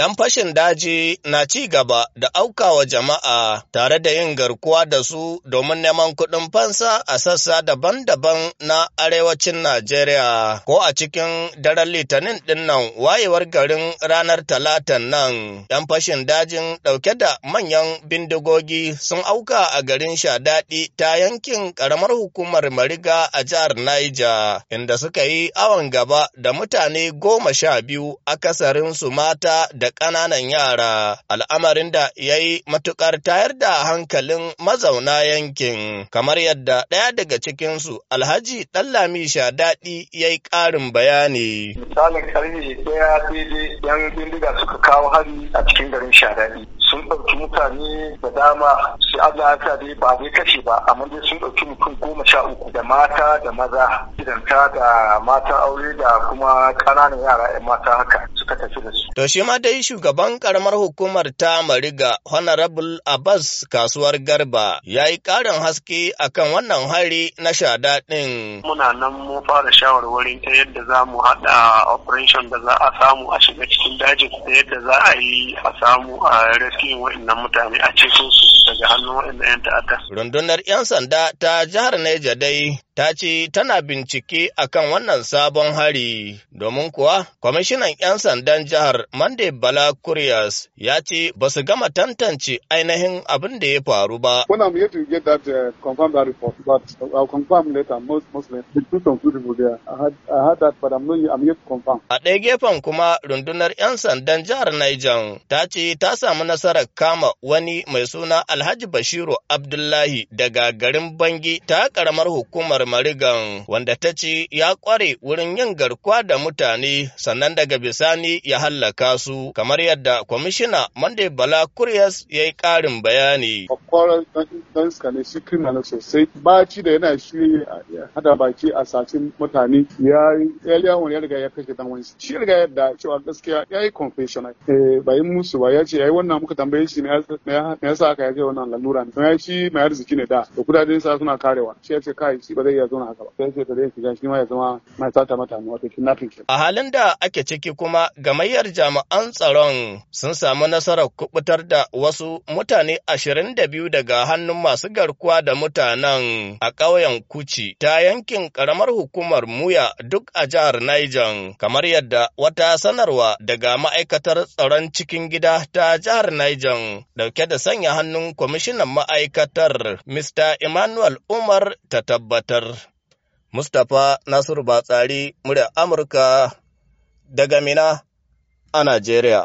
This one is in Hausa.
‘yan fashin daji na ci gaba da aukawa jama'a tare da yin garkuwa da su domin neman kuɗin fansa a sassa daban-daban na arewacin Najeriya ko a cikin daren litinin ɗin wayewar garin ranar talatan nan. ‘Yan fashin dajin ɗauke da manyan bindigogi sun auka a garin Shadaɗi ta yankin ƙaramar hukumar Mariga a jihar Niger, inda suka yi awon gaba da mutane goma sha biyu su mata da ƙananan yara, al'amarin da ya yi matuƙar tayar da hankalin mazauna yankin, kamar yadda ɗaya daga cikinsu Alhaji Ɗallami Shadaɗi ya yi ƙarin bayani. Misalin ƙarfe ɗaya daidai yan bindiga suka kawo hari a cikin garin Shadaɗi. sun ɗauki mutane da dama shi Allah ya dai ba zai kashe ba amma dai sun ɗauki mutum goma sha uku da mata da maza gidanta da mata aure da kuma ƙananan yara 'yan mata haka suka tafi da su. To shi ma dai shugaban karamar hukumar ta Mariga Honorable Abbas kasuwar Garba ya yi ƙarin haske akan wannan hari na shada ɗin. Muna nan mu fara shawarwarin ta yadda za mu haɗa operation da za a samu a shiga cikin dajin da yadda za a yi a samu a ake wa'annan mutane a cikin su Rundunar 'yan sanda ta jihar Neja dai ta ce tana bincike akan wannan sabon hari domin kuwa kwamishinan 'yan sandan jihar Mande Bala Kuriyas ya ce ba su gama tantance ainihin abin da ya faru ba. A ɗaya gefen kuma rundunar 'yan sandan jihar Niger ta ce ta samu nasarar kama wani mai suna Alhaji Bashir Bashiro Abdullahi daga garin Bangi ta karamar hukumar Marigan wanda ta ce ya kware wurin yin garkuwa da mutane sannan daga bisani ya hallaka su kamar yadda kwamishina Monday Bala Kuryas ya yi ƙarin bayani. Kwakwaran ɗan iska ne shi na sosai baci da yana shi hada baki a sacin mutane ya yi ya riga ya kashe dan wani shi riga yadda cewa gaskiya ya yi confessional eh, bai musu ba ya ce ya yi wannan muka tambaye shi me yasa aka yaje wannan lalura don ya shi mai arziki ne da da kudaden sa suna karewa shi ya ce kai shi ba zai iya zauna haka ba sai ce zai shiga shi ma ya zama mai sata mata wato kidnapping a halin da ake ciki kuma gamayyar jami'an tsaron sun samu nasarar kubutar da wasu mutane 22 da daga hannun masu garkuwa da mutanen a ƙauyen Kuci ta yankin ƙaramar hukumar Muya duk a jihar Niger kamar yadda wata sanarwa daga ma'aikatar tsaron cikin gida ta jihar Niger dauke da sanya hannun kwamishinan ma'aikatar Mr. Emmanuel Umar ta tabbatar. Mustapha Nasiru Batsari, murya Amurka daga Mina a Najeriya.